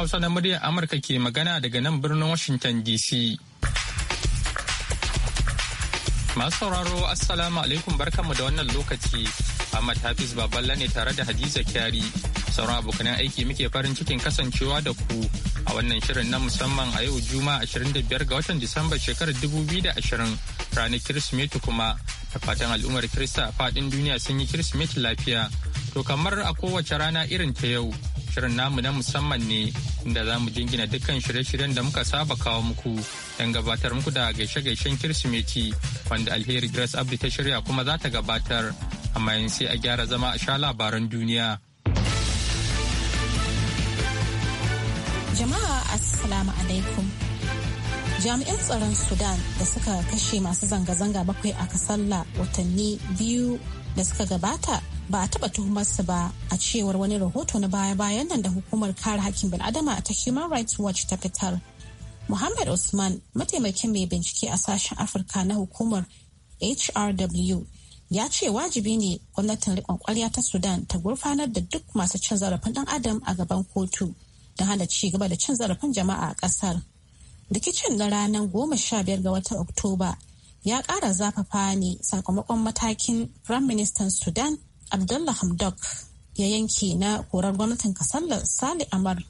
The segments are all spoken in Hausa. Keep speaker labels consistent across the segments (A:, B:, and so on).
A: Hausa na muryar Amurka ke magana daga nan birnin Washington DC. Masu sauraro Assalamu alaikum barkanmu da wannan lokaci. Ahmad Hafiz Baballa ne tare da Hadiza Kyari. Sauran abokanan aiki muke farin cikin kasancewa da ku a wannan shirin na musamman a yau Juma'a 25 ga watan Disamba shekarar 2020 ranar Kirsimeti kuma da fatan al'ummar Kirista a faɗin duniya sun yi Kirsimeti lafiya. To kamar a kowace rana irin ta yau shirin namu na musamman ne inda za mu jingina dukkan shirye-shiryen da muka saba kawo muku don gabatar muku da gaishe-gaishen kirsimeti wanda alheri grace abdi ta shirya kuma za ta gabatar amma yin sai a gyara zama a sha labaran duniya
B: jama'a assalamu alaikum jami'an tsaron sudan da suka kashe masu zanga-zanga bakwai a kasalla watanni biyu da suka gabata ba a taɓa tuhumarsa ba a cewar wani rahoto na baya-bayan nan da hukumar kare hakkin bil'adama ta human rights watch ta fitar muhammad usman mataimakin mai bincike a sashen afirka na hukumar hrw ya ce wajibi ne gwamnatin riƙon ƙwarya ta sudan ta gurfanar da duk masu cin zarafin ɗan adam a gaban kotu don hana ci gaba da cin zarafin jama'a a ƙasar rikicin na ranar goma sha biyar ga watan oktoba ya ƙara zafafa ne sakamakon matakin Firaministan sudan abdullah hamdok ya yanke na korar gwamnatin kasar sali amar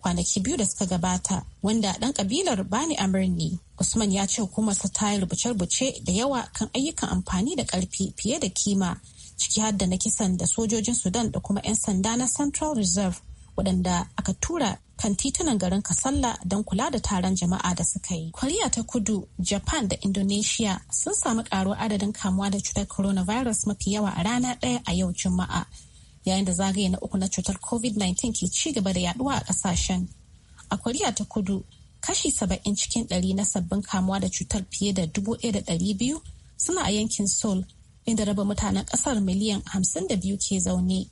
B: kwanaki biyu da suka gabata wanda ɗan kabilar bani ne usman ya ce hukumarsa ta yi rubuce-rubuce da yawa kan ayyukan amfani da karfi fiye da kima ciki har da na kisan da sojojin sudan da kuma 'yan sanda na central reserve waɗanda aka tura kan titunan garin Kasalla don kula da taron jama'a da suka yi. Koriya ta Kudu, Japan da Indonesia sun samu karuwar adadin kamuwa da cutar coronavirus mafi yawa a rana ɗaya a yau Juma'a. Yayin da zagaye na uku na cutar COVID-19 ke ci gaba da yaduwa a ƙasashen. A Koriya ta Kudu, kashi saba'in cikin ɗari na sabbin kamuwa da cutar fiye da dubu da ɗari biyu suna a yankin Seoul, inda raba mutanen ƙasar miliyan hamsin da biyu ke zaune.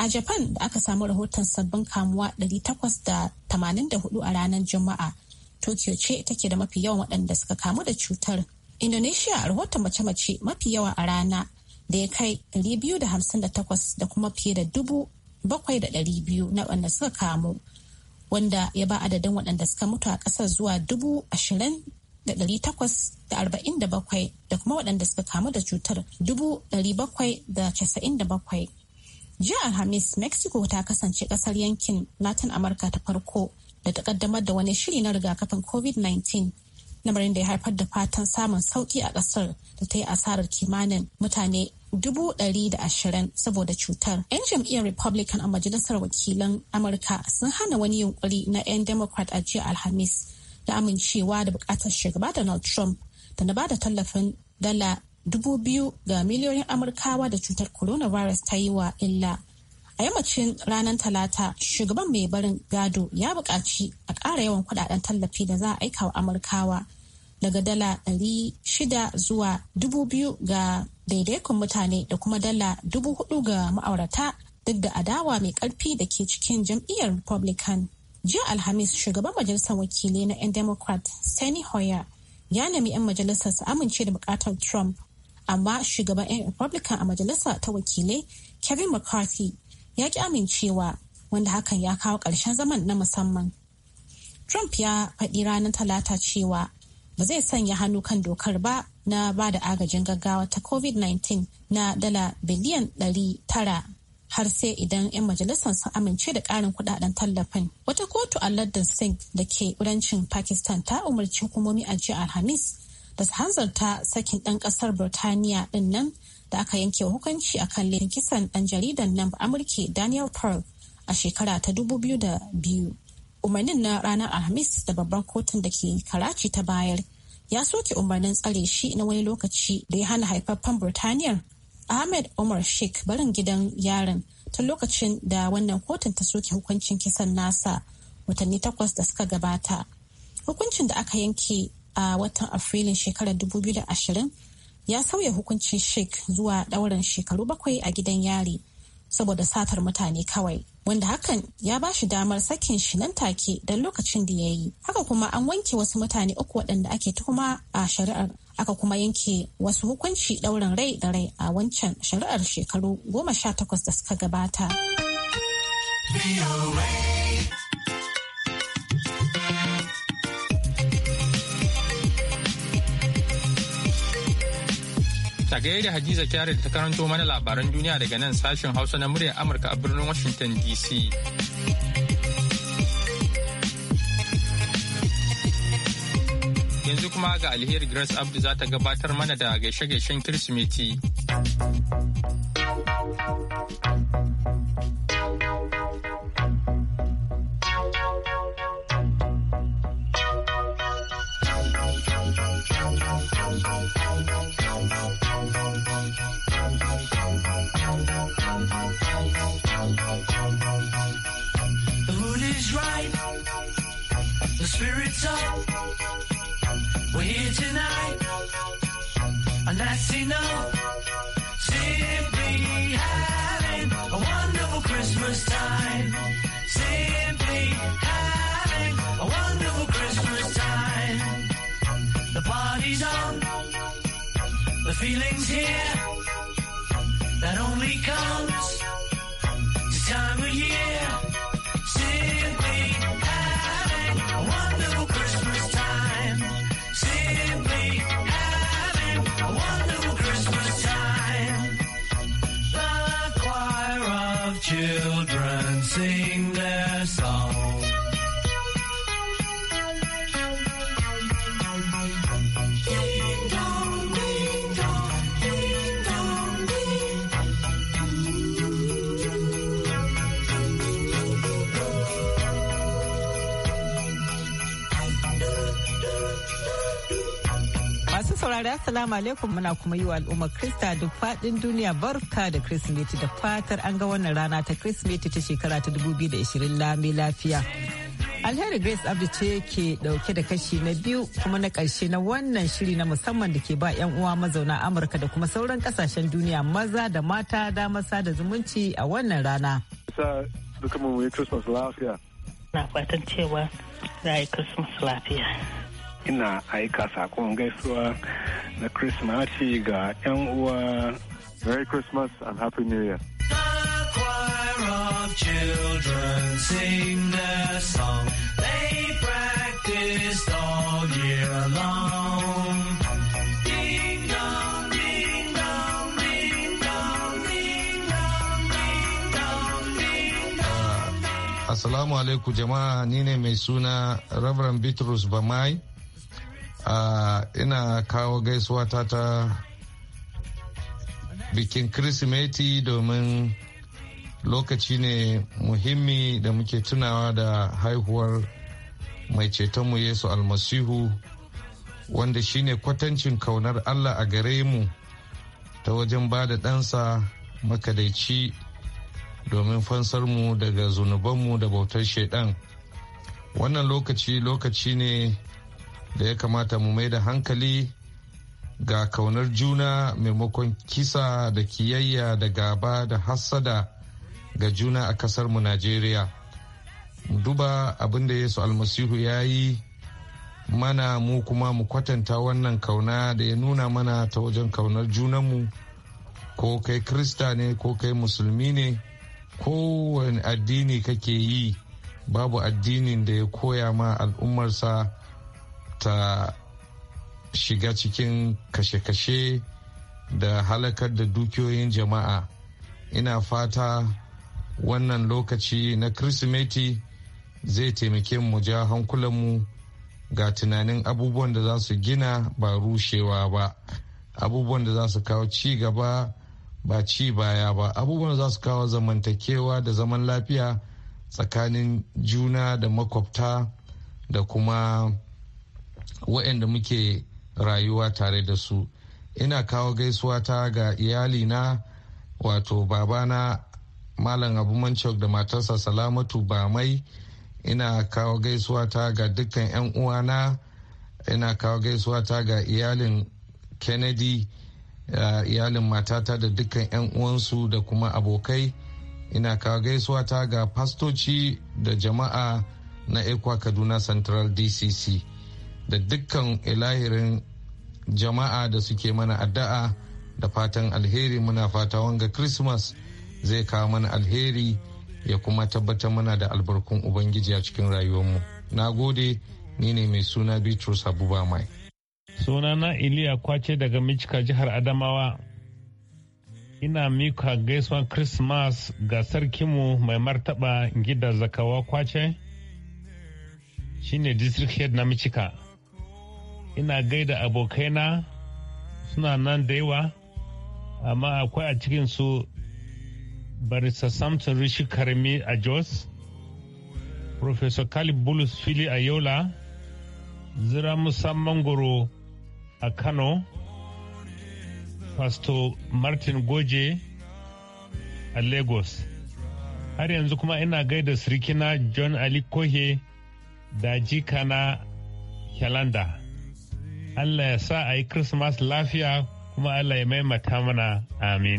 B: A Japan aka samu rahoton sabbin kamuwa 884 a ranar Juma'a. Tokyo ce take da mafi yawan waɗanda suka kamu da cutar. Indonesia a rahoton mace-mace mafi yawa a rana da ya kai 258 da kuma fiye da dubu bakwai da biyu na waɗanda suka kamu wanda ya ba adadin waɗanda suka mutu a ƙasar zuwa dubu ashirin da ɗari takwas da arba'in da bakwai da kuma waɗanda suka kamu da cutar dubu bakwai da casa'in da bakwai jiya alhamis mexico ta kasance kasar yankin latin amurka ta farko da ta kaddamar da wani shiri na rigakafin covid-19 lamarin da ya haifar da fatan samun sauki a kasar da ta yi asarar kimanin mutane dubu ɗari da ashirin saboda cutar. 'Yan jam'iyyar Republican a Majalisar Wakilan Amurka sun hana wani yunkuri na 'yan Democrat a jiya Alhamis da amincewa da bukatar shugaba Donald Trump da na da tallafin dala dubu biyu ga miliyoyin amurkawa da cutar coronavirus ta yi wa illa a yammacin ranar talata shugaban mai barin gado ya buƙaci a ƙara yawan kudaden tallafi da za a aika wa amurkawa daga dala ɗari shida zuwa 2,000 ga daidaikun mutane da kuma dala dubu hudu ga ma'aurata duk da adawa mai ƙarfi da ke cikin jam'iyyar republican jiya alhamis shugaban majalisar wakilai na 'yan democrat sani hoyer ya nemi 'yan majalisar su amince da bukatar trump amma shugaban 'yan republican a majalisa ta wakilai kevin mccarthy ya ki amincewa wanda hakan ya kawo ƙarshen zaman na musamman trump ya faɗi ranar talata cewa ba zai sanya hannu kan dokar ba na ba da agajin gaggawa ta covid-19 na dala biliyan 900 har sai idan 'yan majalisar sun amince da ƙarin kudaden tallafin wata kotu a lardin sink da ke kudancin pakistan ta umarci hukumomi a jiya alhamis da hanzarta sakin ɗan ƙasar Birtaniya ɗin nan da aka yanke hukunci a kan kisan ɗan jaridan nan Amurke Daniel Pearl a shekara ta 2002. Umarnin na ranar Alhamis da babban kotun da ke Karachi ta bayar ya soke umarnin tsare shi na wani lokaci da ya hana haifaffen Birtaniyar Ahmed Omar Sheikh barin gidan yaron tun lokacin da wannan kotun ta soke hukuncin kisan nasa watanni takwas da suka gabata. Hukuncin da aka yanke a watan afrilun shekarar 2020 ya sauya hukuncin sheik zuwa ɗaurin shekaru bakwai a gidan yari saboda satar mutane kawai wanda hakan ya ba shi damar sakin shi nan take don lokacin da ya yi haka kuma an wanke wasu mutane uku waɗanda ake tuhuma a shari'ar aka kuma yanke wasu hukunci ɗaurin rai da rai a wancan shari'ar shekaru goma sha takwas da suka gabata.
A: a gaida Hadiza Kyari ta karanto mana labaran duniya daga nan sashen Hausa na muryar Amurka a birnin Washington DC. Yanzu kuma ga alheri Grace Abdu za ta gabatar mana da gaishe-gaishen Kirsimeti.
C: simply having a wonderful Christmas time. Simply having a wonderful Christmas time. The party's on, the feeling's here, that only comes feel
D: saurari assalamu alaikum muna kuma yi wa al'umma krista duk faɗin duniya barka da kirsimeti da fatar an ga wannan rana ta kirsimeti ta shekara ta 2020 lami lafiya alheri grace abu ce ke dauke da kashi na biyu kuma na karshe na wannan shiri na musamman da ke ba 'yan uwa mazauna amurka da kuma sauran kasashen duniya maza da mata damar sada zumunci a wannan rana na fatan cewa za a yi christmas lafiya
E: ina aika sakon gaisuwa na Krismasi ga 'yan uwa.
F: Merry Christmas and Happy New Year. The
C: choir of children sing their song. They practiced all year long. Ding
G: Assalamu alaikum jama'a ni ne mai suna Reverend Bitrus Bamai ina kawo gaisuwa ta ta bikin kirsimeti domin lokaci ne muhimmi da muke tunawa da haihuwar mai cetonmu yesu almasihu wanda shine kwatancin kaunar allah a gare mu ta wajen ba da ɗansa makadaici domin fansarmu daga zunubanmu da bautar shaidan wannan lokaci lokaci ne da ya kamata mu mai da hankali ga kaunar juna maimakon kisa da kiyayya da gaba da hassada ga juna a kasarmu najeriya duba abin da yesu almasihu ya yi mana mu kuma mu kwatanta wannan kauna da ya nuna mana ta wajen kaunar junanmu ko kai krista ne ko kai musulmi ne kowane addini kake yi babu addinin da ya koya ma al'ummarsa ta shiga cikin kashe-kashe da halakar da dukiyoyin jama'a ina fata wannan lokaci na kirsimeti zai taimake mu ja hankulanmu ga tunanin abubuwan da za su gina ba rushewa ba abubuwan da za su kawo ci gaba ba ci baya ba abubuwan da za su kawo zamantakewa da zaman lafiya tsakanin juna da makwabta da kuma waɗanda muke rayuwa tare da su ina kawo gaisuwa ta ga iyalina wato babana malam abu mancok da matarsa salamatu ba mai ina kawo gaisuwa ta ga dukkan 'yan uwana ina kawo gaisuwa ta ga iyalin kennedy iyalin matata da dukkan 'yan uwansu da kuma abokai ina kawo gaisuwa ta ga fastoci da jama'a na ekwa kaduna central dcc da dukkan ilahirin jama'a da suke mana addu'a da fatan alheri muna fata wanga christmas zai kawo mana alheri ya kuma tabbatar mana da albarkun ubangiji a cikin rayuwarmu na gode ni ne mai suna bitrus abuba mai
F: sunana iliya kwace daga michika jihar adamawa ina mika gaisuwan christmas ga sarkinmu mai martaba gida zakawa kwace shine district head na michika ina gaida abokaina suna nan da yawa amma akwai a cikinsu barista samson rishi karmi a jos professor kalib bulus fili a yola zira musamman goro a kano pastor martin goje a lagos har yanzu kuma ina gaida sirikina john ali kohe da jikana kyalanda Allah ya sa a yi Christmas lafiya kuma Allah ya maimata mana amin.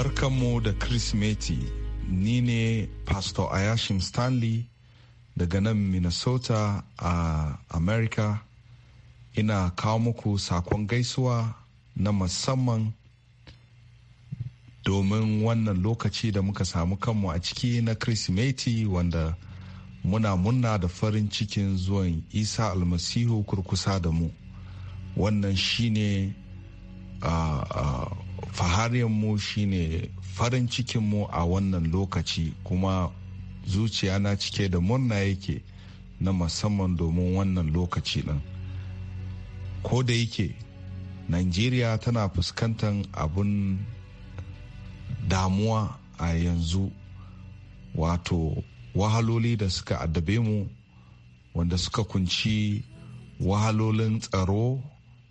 H: Barkanmu da Kirsimeti, ni ne Pastor Ayashim Stanley daga nan Minnesota a America. Ina kawo muku sakon gaisuwa na musamman domin wannan lokaci da muka samu kanmu a ciki na Kirsimeti wanda muna munna da farin cikin zuwan Isa almasihu kurkusa da mu. Wannan shine ne uh, uh, mu shine farin cikinmu a wannan lokaci kuma zuciya na cike da murna yake na musamman domin wannan lokaci ɗin ko da yake nigeria tana fuskantar abun damuwa a yanzu wato wahaloli da suka addabe mu wanda suka kunci wahalolin tsaro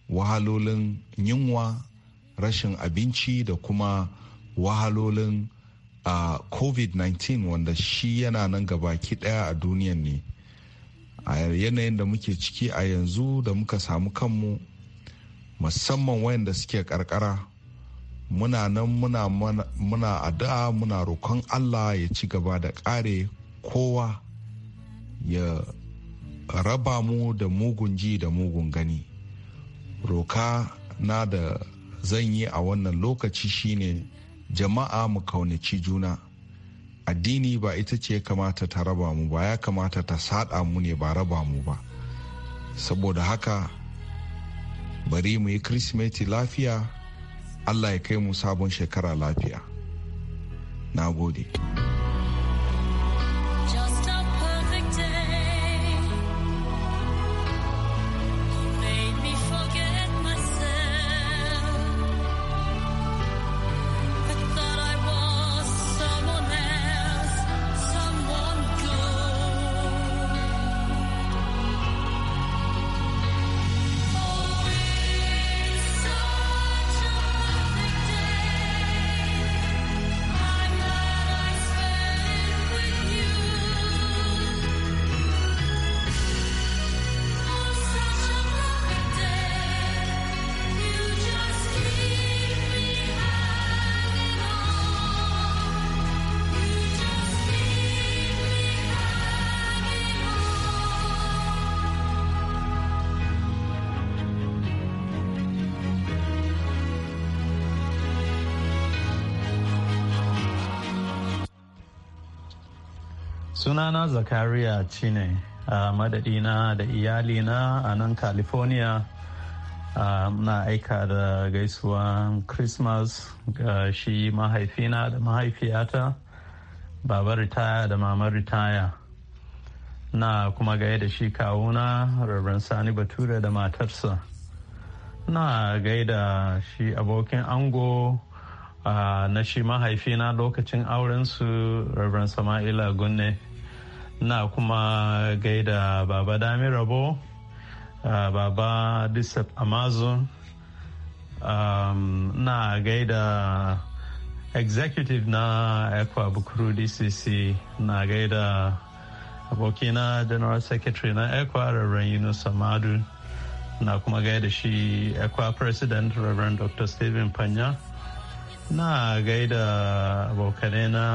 H: wahalolin yunwa rashin abinci da kuma wahalolin a covid-19 wanda shi yana nan gabaki daya a duniyan ne a yanayin da muke ciki a yanzu da muka samu kanmu musamman wayanda suke karkara muna nan muna muna addu'a muna roƙon allah ya ci gaba da ƙare kowa ya raba mu da mugun ji da mugun gani roka na da zan yi a wannan lokaci shine jama'a mu kaunaci juna addini ba ita ce kamata ta raba mu ba ya kamata ta sada mu ne ba raba mu ba saboda haka bari mu yi kirsimeti lafiya allah ya kai mu sabon shekara lafiya na gode.
I: sunana zakariya cine a madadina da iyalina a nan california na aika da gaisuwa christmas ga shi mahaifina da mahaifiyata baba ritaya da mama ritaya na kuma gaya da shi kawuna rabin sani bature da matarsa na gaida shi abokin ango na shi mahaifina lokacin aurensu rabin sama'ila gunne na kuma gaida baba dami rabo baba disap amazon na gaida executive na ekwa bukuru dcc na gaida abokina general secretary na ekwa rarren yunus samadu na kuma gaida shi ekwa president reverend dr stephen panya na gaida abokanai na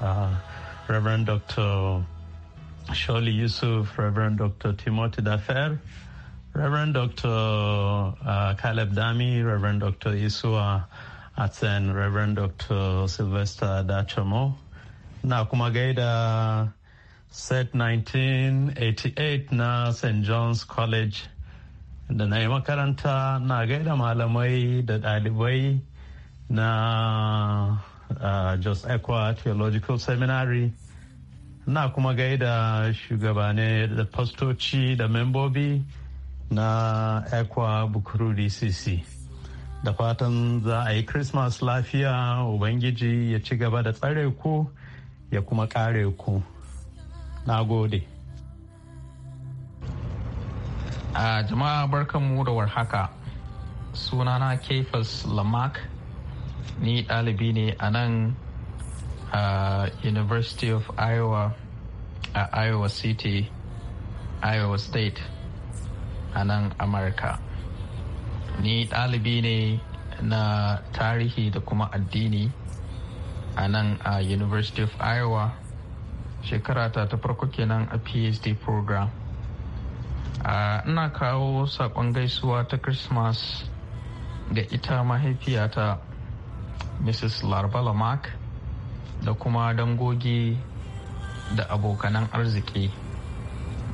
I: uh, dr Shirley Yusuf, Reverend Dr. Timothy Dafer, Reverend Dr. Uh, Caleb Dami, Reverend Dr. Isua Atsen, Reverend Dr. Sylvester Dachamo. Na kuma gaida set 1988 na St. John's College da na yi makaranta na gaida malamai da ɗalibai na uh, Jos Equa Theological Seminary. na kuma gaida shugabane da fastoci da membobi na ekwa bukuru dcc da fatan za a yi christmas lafiya ubangiji ya ci gaba da tsare ku ya kuma kare ku
J: na gode a jama'a barkanmu da warhaka sunana kefas lamak ni ɗalibi ne a nan a uh, university of iowa a uh, iowa city iowa state a nan amurka ni ɗalibi ne na tarihi da kuma addini a nan a university of iowa shekarata ta farko kenan a phd program ina kawo saƙon gaisuwa ta christmas ga ita mahaifiyata mrs larbala mark da kuma dangogi da abokanan arziki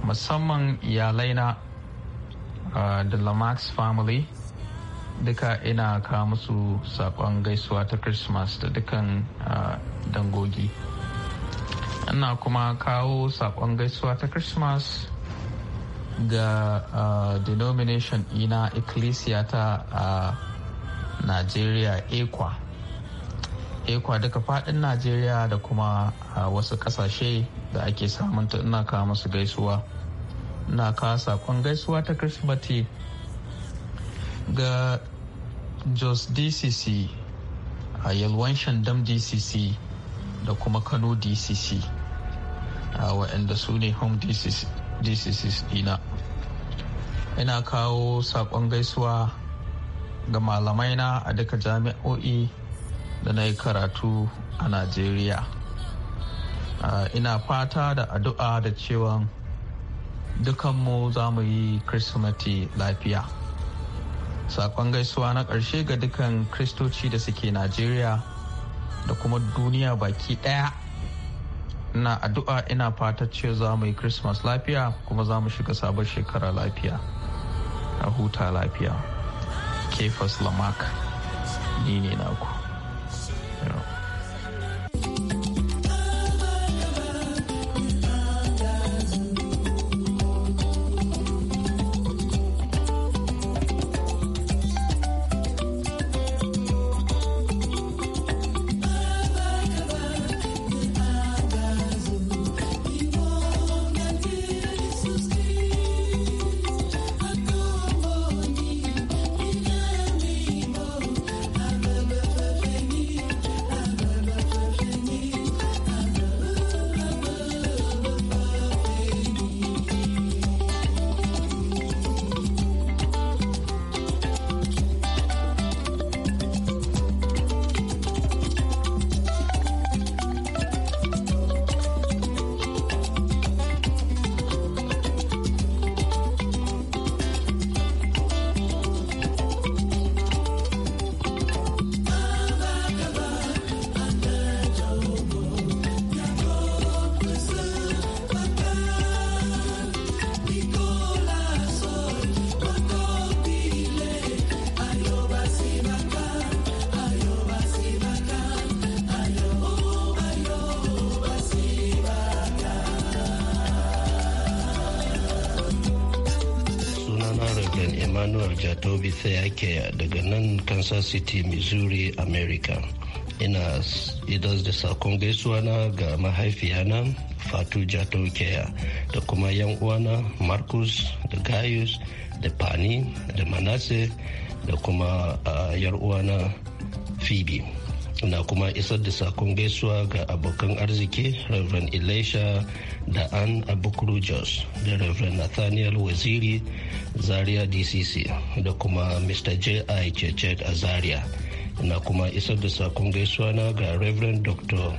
J: musamman iyalaina uh, da lamax family duka ina ka musu sakon gaisuwa ta christmas da dukan uh, dangogi ina kuma kawo saƙon gaisuwa ta christmas ga uh, denomination ina ecclesia ta a nigeria ekwa ekwa eh, duka fadin najeriya da kuma a wasu kasashe da ake samunta ina kawo masu gaisuwa ina kawo sakon gaisuwa ta kirsimati ga jos dcc a yalwan shandam dcc da kuma kano dcc a waɗanda su ne home dcc dina ina kawo sakon gaisuwa ga malamai na a duka jami'o'i da na yi karatu a najeriya ina fata da addu'a da cewa dukanmu za mu yi kirsimati lafiya sakon gaisuwa na ƙarshe ga dukan kristoci da suke najeriya da kuma duniya baki ɗaya ina addu'a ina fata cewa za mu yi christmas lafiya kuma za mu shiga sabon shekara lafiya a huta lafiya kefas lamak ni ne naku
K: Ke daga nan Kansas City, Missouri, America. Ina idan da sakon gaisuwa na ga mahaifiyana Fatu Jato care. da kuma yan uwana Marcus da Gaius da Pani da Manasse da kuma yar uwana Phoebe. Ina kuma isar da sakon gaisuwa ga abokan arziki Reverend Elisha da an abukuru jos da reverend nathaniel waziri zaria dcc da kuma mr j.i chechet a zaria na kuma isar da sakon gaisuwa na ga reverend dr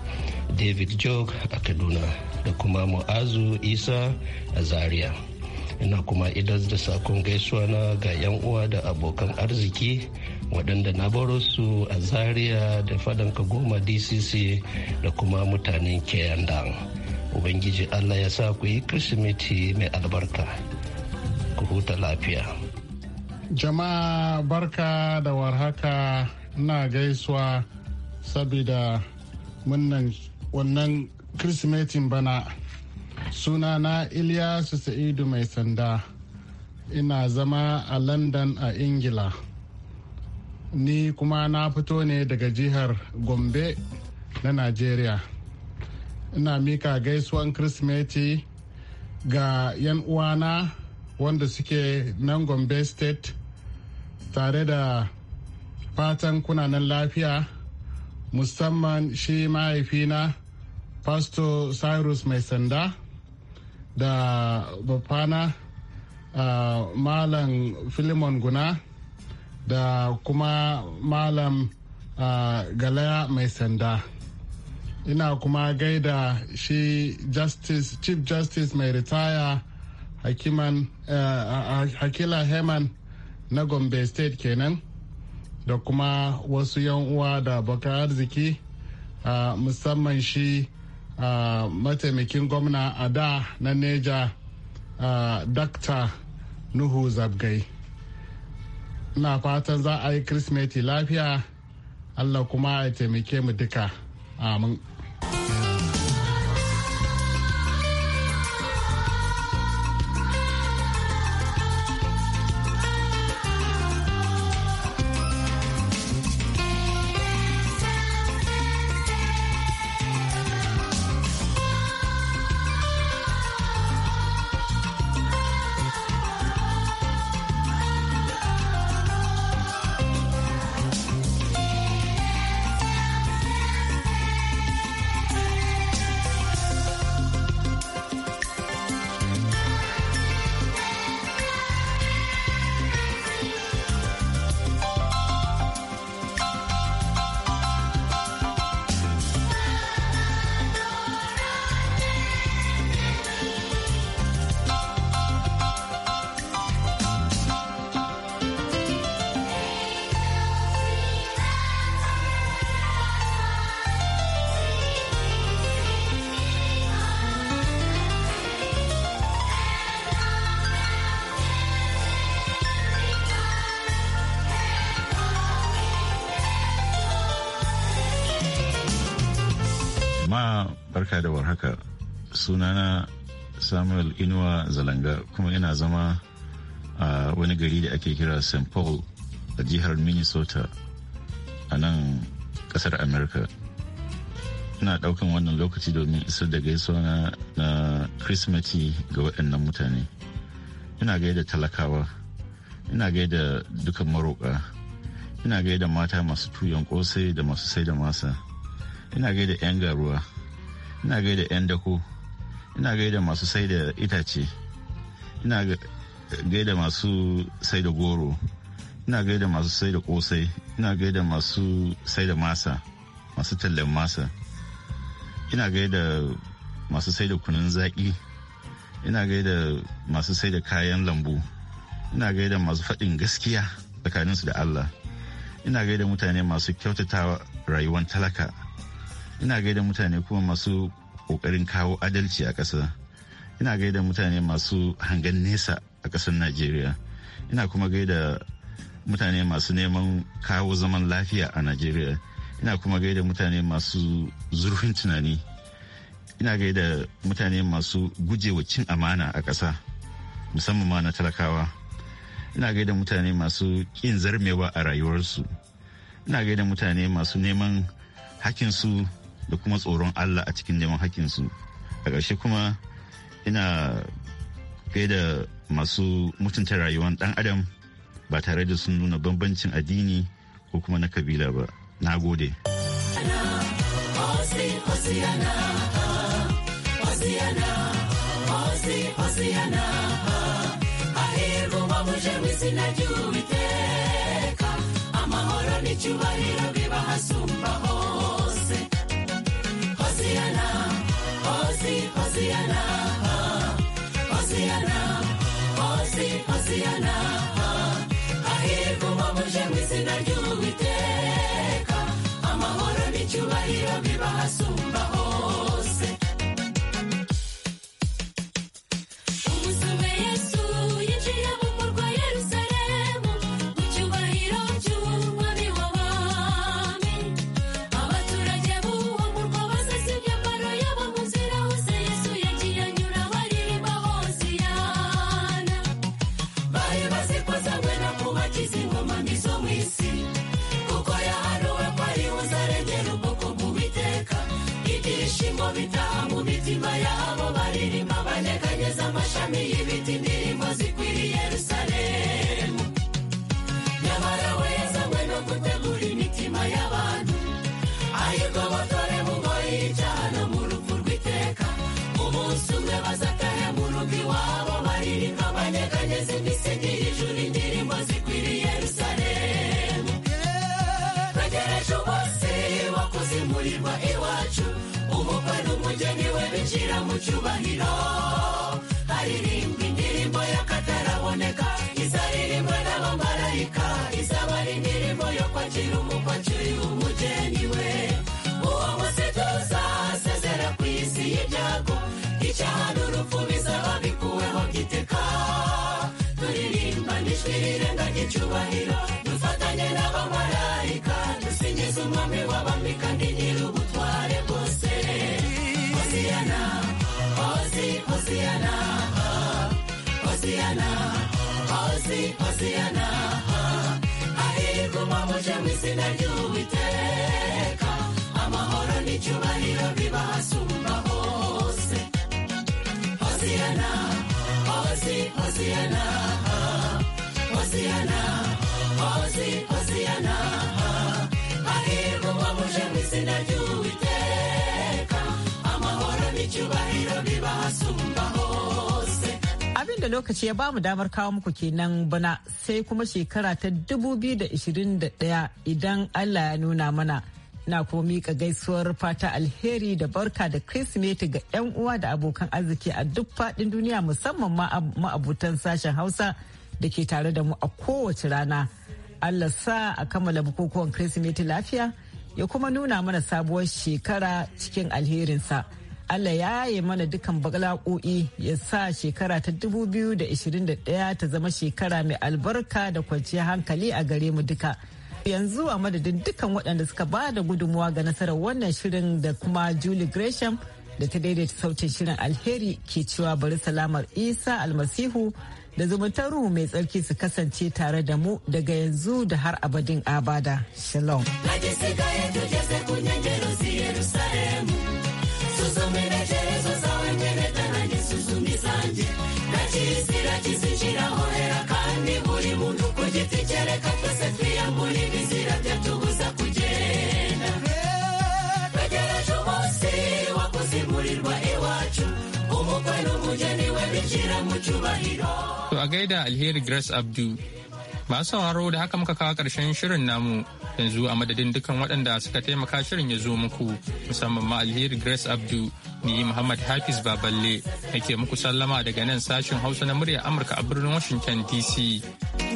K: david jog a kaduna da kuma mu'azu isa a zaria ina kuma idar da sakon gaisuwa na ga 'yan uwa da abokan arziki waɗanda na baro su a zaria da fadanka goma dcc da kuma mutanen keyandan ubangiji allah ya sa ku yi kirsimeti mai albarka ku huta lafiya
E: jama'a barka da warhaka na gaisuwa saboda wannan kirsimetin bana sunana ilyasu sa'idu mai sanda ina zama a london a ingila ni kuma na fito ne daga jihar gombe na najeriya ina mika gaisuwan kirsimeti ga 'yan uwana wanda suke nan gombe state tare da fatan kunanan lafiya musamman shi mahaifina pastor cyrus mai sanda da bafana uh, malam filimon guna da kuma malam uh, galaya mai sanda ina kuma gaida shi justice chief justice mai ritaya hakiman eh, ah, hakila heman na gombe state kenan da kuma wasu yan uwa da baka arziki ah, musamman shi ah, mataimakin gwamna a da na neja dr nuhu zabgai na fatan za a yi lafiya allah kuma ya taimake mu duka amin Bye.
L: sunana samuel inuwa zalanga kuma ina zama a wani gari da ake kira st paul a jihar minnesota a nan kasar america ina daukan wannan lokaci domin isar da gaisuwa na krismeti ga waɗannan mutane ina gaida talakawa ina gaida dukan maroƙa ina gaida mata masu tuyon kosai da masu sai da masa ina gaida 'yan garuwa ina gaida 'yan dako ina gaida masu sai da itace ina gaida masu sai da goro ina gaida masu sai da kosai ina gaida masu sai da masa masu tallan masa ina gaida masu sai da kunun zaƙi ina gaida masu sai da kayan lambu ina gaida masu faɗin gaskiya tsakaninsu da allah ina gaida mutane masu kyautata rayuwar talaka ina gaida mutane kuma masu kokarin kawo adalci a ƙasa ina gaida mutane masu hangen nesa a ƙasar najeriya ina kuma gaida mutane masu neman kawo zaman lafiya a najeriya ina kuma gaida mutane masu zurfin tunani ina gaida mutane masu gujewa cin amana a ƙasa musamman ma na talakawa ina gaida mutane masu ƙin zarmewa a rayuwarsu ina gaida mutane masu neman hakinsu da kuma tsoron Allah a cikin neman hakinsu. A ƙarshe kuma ina da masu mutunta rayuwar ɗan adam ba tare da sun nuna bambancin addini ko kuma na kabila ba. Na gode.
C: amahoro n'icyubahiro viva hasumba oh. Hosiana, Hosiana, Hosiana, indirimbo abanyeganyeze imisege hejuru indirimbo zikwiriye yerusalemu twegereje umunsi wo kuzimurirwa iwacu umukwe n'umugeni we bishyira mu cyubahiro haririmbwa indirimbo y'akataraboneka izaririmbwa n'abamarayika izaba ari indirimbo yo kwakira umukwe akiri umugeni we uwo munsi tuzasezera ku isi y'ibyago icyaha n'urupfu bizaba uwiteka turirimba nijwi rirenganya dufatanye n'abamarayika dusingiza umwami w'abami kandi nyir'ubutware bwose hoziyana hozi hoziyana hoziyana hozi hoziyana umamuje mu izina ry'uwiteka amahoro n'icyubahiro Hosiana, Hosiana, Hosi,
D: mu da lokaci ya bamu damar kawo muku kenan bana sai kuma shekara ta 2021 idan Allah ya nuna mana. na kuma mika gaisuwar fata alheri da barka da kirsimeti ga 'yan uwa da abokan arziki a duk fadin duniya musamman ma'abutan sashen hausa da ke tare da mu a kowace rana allah sa a kammala bukukuwan kirsimeti lafiya ya kuma nuna mana sabuwar shekara cikin alherinsa allah ya yi mana dukan bala'o'i ya sa shekara ta 2021 ta zama shekara mai albarka da kwanciyar hankali a gare mu duka. Yanzu a madadin dukkan waɗanda suka ba da gudunmuwa ga nasarar wannan shirin da kuma Julie Gresham da ta daidaita sautin shirin alheri ke cewa bari salamar Isa almasihu da zumuntar ruhu mai tsarki su kasance tare da mu daga yanzu da har abadin abada. Shalom.
C: kirazira kizinjira horera kandi buri muntu ku giti cye twese twiyambure ibizira byatubuza kugenda twegereje umunsi wo kuzimurirwa iwacu umukwe n'umugeni we bishyira mu cyubahiro
A: agaida alheri grace abdu Masu sauraro da haka muka kawo ƙarshen shirin namu yanzu a madadin dukkan waɗanda suka taimaka shirin ya zo muku musamman ma alheri Grace Abdu ni Muhammad Hafiz Baballe yake muku sallama daga nan sashin Hausa na murya Amurka a birnin Washington DC.